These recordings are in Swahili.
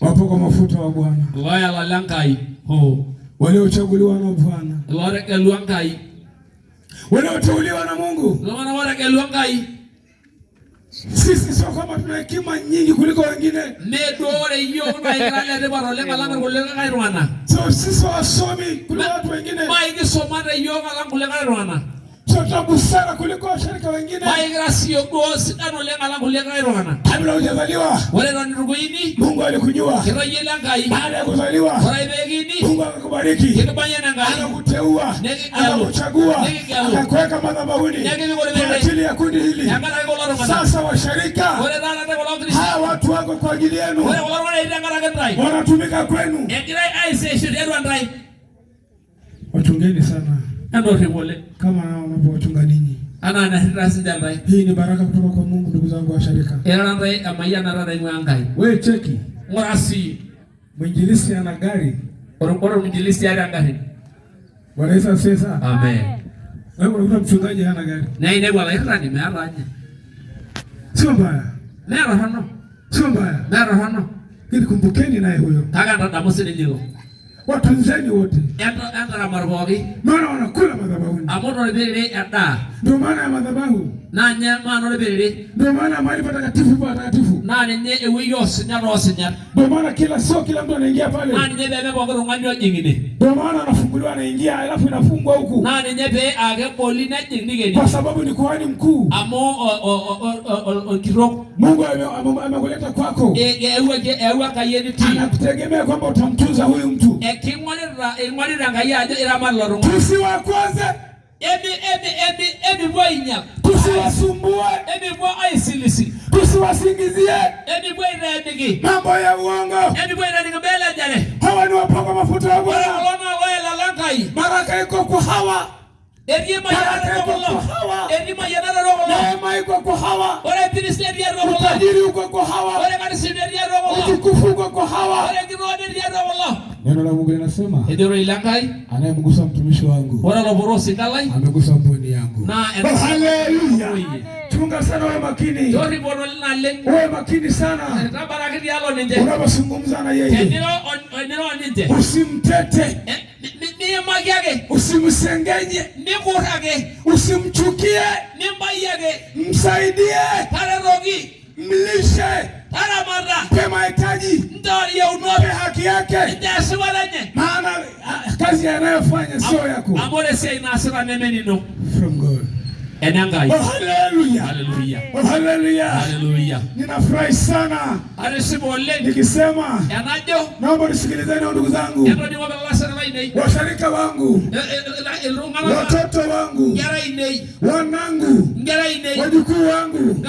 Wapo kwa mafuta wa Bwana. Waya la langai. Ho. Waliochaguliwa na Bwana. Wareke luankai. Walioteuliwa na Mungu. Wana wareke luankai. Sisi sio kama tuna hekima nyingi kuliko wengine. Ne dore hiyo una ikrale ya baro le malango kulenga kai rwana. Sio sisi wasomi kuliko watu wengine. Mai kisoma de yoga lango kule kai rwana cha busara kuliko washirika wengine. Maigrasio gosi dano lenga langu lenga irwana. Kabla hujazaliwa. Wale ndo ndugu Mungu alikujua. Kiraje langai. Baada ya kuzaliwa. Kwa ibegini. Mungu akakubariki. Kinabanya nanga. Anakuteua. Anakuchagua. Anakuweka madhabahuni. Kwa ajili ya kundi hili. Sasa washirika. Wale dana ndio wala Kristo. Hawa watu wako kwa ajili yenu. Wale wala wala ilanga la gendrai. Wanatumika kwenu. Egrai aise shirika ndrai. Watungeni sana. Norrip ole kama unavyochunga ninyi. Ana na rasi ndarai. Hii ni baraka kutoka kwa Mungu ndugu zangu wa sharika. Era ndarai amaya na ndarai mwangai. Wewe cheki. Mrasi. Mwinjilisti ana gari. Korokoro mwinjilisti ana gari. Bwana Yesu asifiwe. Amen. Wewe unakuta mchungaji hana gari. Na ile bwana Yesu ni mearanya. Sio mbaya. Mera hano. Sio mbaya. Mera hano. Ili kumbukeni naye huyo. Taka ni nilo. Watanzania wote. Hata hata na marbogi. Maana wanakula madhabahuni. Amoto ni ile ndio maana ya madhabahu na nyamano rebere ndio maana mahali patakatifu pa takatifu na nye ewe yose nyano osinya ndio maana kila sio kila mtu anaingia pale na nye bebe bongo ngani ojingine ndio maana anafunguliwa anaingia alafu inafungwa huku na nye be age boli na jingine kwa sababu ni kuhani mkuu amo kirok Mungu amekuleta kwako e, e, ewe e, ewe kayeni ti anakutegemea kwamba utamtunza huyu mtu ekingwanira ingwanira ngayaje iramalaro tusiwakwaze ebe ebe ebibwa inyap tusiwasumbue, ebibwa aisilisi tusiwasingizie, ebibwa inadigi mambo ya uongo, ebibwa inadigi bela jale. Hawa ni wapakwa mafuta ya Bwana, wanaona wela lankai, baraka iko kwa hawa Erima iko kwa hawa. Ore tirisi ya uko kwa hawa. Ore kanisi ya uko kwa hawa. Ore kiroho ya Neno la Mungu linasema edero ilangai anayemgusa mtumishi wangu bora la borosi dalai amegusa mboni yangu. Na haleluya. Chunga sana wewe makini. bora lina lengo Wewe makini sana. Tabaraki dialo ninje. Unapozungumza na yeye. Edero edero ninje. Usimtete. E, Niye magyage. Usimsengenye. Nikurage. Usimchukie. Nimbayage. Msaidie. Tarerogi. Mlishe. Mpe mahitaji, mpe haki yake, maana kazi anayofanya sio yako. Oh, oh, Ninafurahi sana nikisema, naomba nisikilizeni ndugu zangu, washirika wangu, eh, eh, eh, watoto wangu wanangu, wajukuu wangu,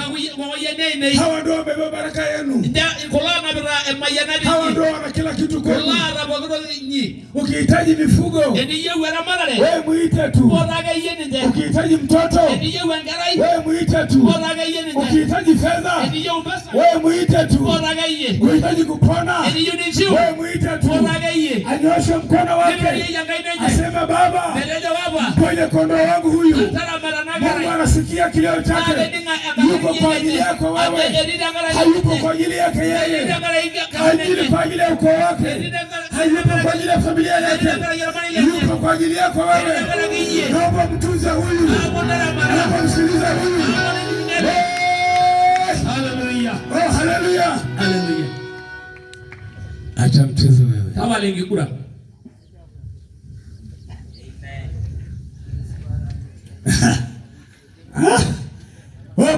hawa ndo wamebeba baraka yenu, eh, hawa ndo wana kila kitu kwenu. Ukihitaji mifugo eh, wewe muite tu, ukihitaji mtoto eh, wewe muite tu, ukihitaji fedha wewe muite tu, ukihitaji kupona wewe muite tu. Anyoshe mkono wake asema, Baba mponye kondoo wangu huyu. Mungu anasikia kilio chake, yuko kwa ajili yako wewe, hayuko kwa ajili yake yeye, hayuko kwa ajili ya ukoo wake, hayuko kwa ajili ya familia yake, yuko kwa ajili yako wewe. Naomba mtunze huyu, naomba msikilize huyu. Haleluya, oh, haleluya, acha mchezo wewe, kama lingikula Oh,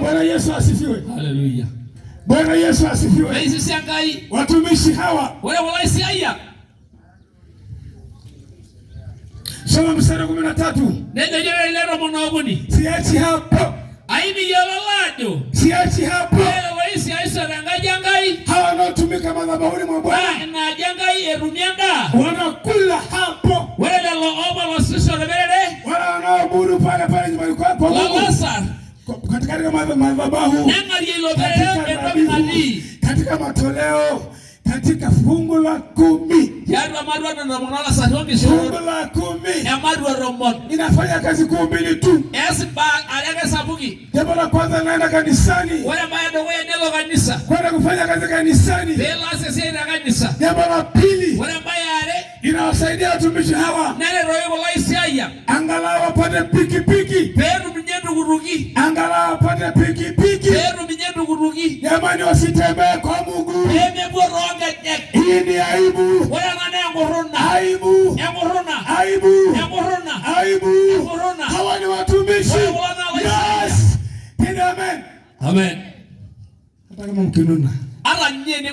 Bwana Yesu asifiwe. Haleluya. Bwana Yesu asifiwe. si angai. Watumishi hawa Wewe wala si soma mstari kumi na tatu. Siachi hapo. ya Siachi hapo. Wewe wala si angai. Hawa tumika wanaotumika Na mwa Bwana. Lawasa katika madhabahu, katika matoleo katika fungu la kumi yaani fungu la kumi inafanya kazi kuu mbili tu. Jambo la kwanza, naenda kanisani kwenda kufanya kazi kanisani. Jambo la pili, inawasaidia watumishi hawa angalau wapate pikipiki tukurugi. Angalau apate pikipiki. Heru binye tukurugi. Jamani wasitembee kwa mguu. Eme goronga nyek. Hii ni aibu. Wala mane ya ngorona. Aibu. Ya ngorona. Aibu. Ya ngorona. Aibu. Ya ngorona. Hawa ni watumishi. Yes. Amen. Amen. Hata kama mkinuna. Ala nyene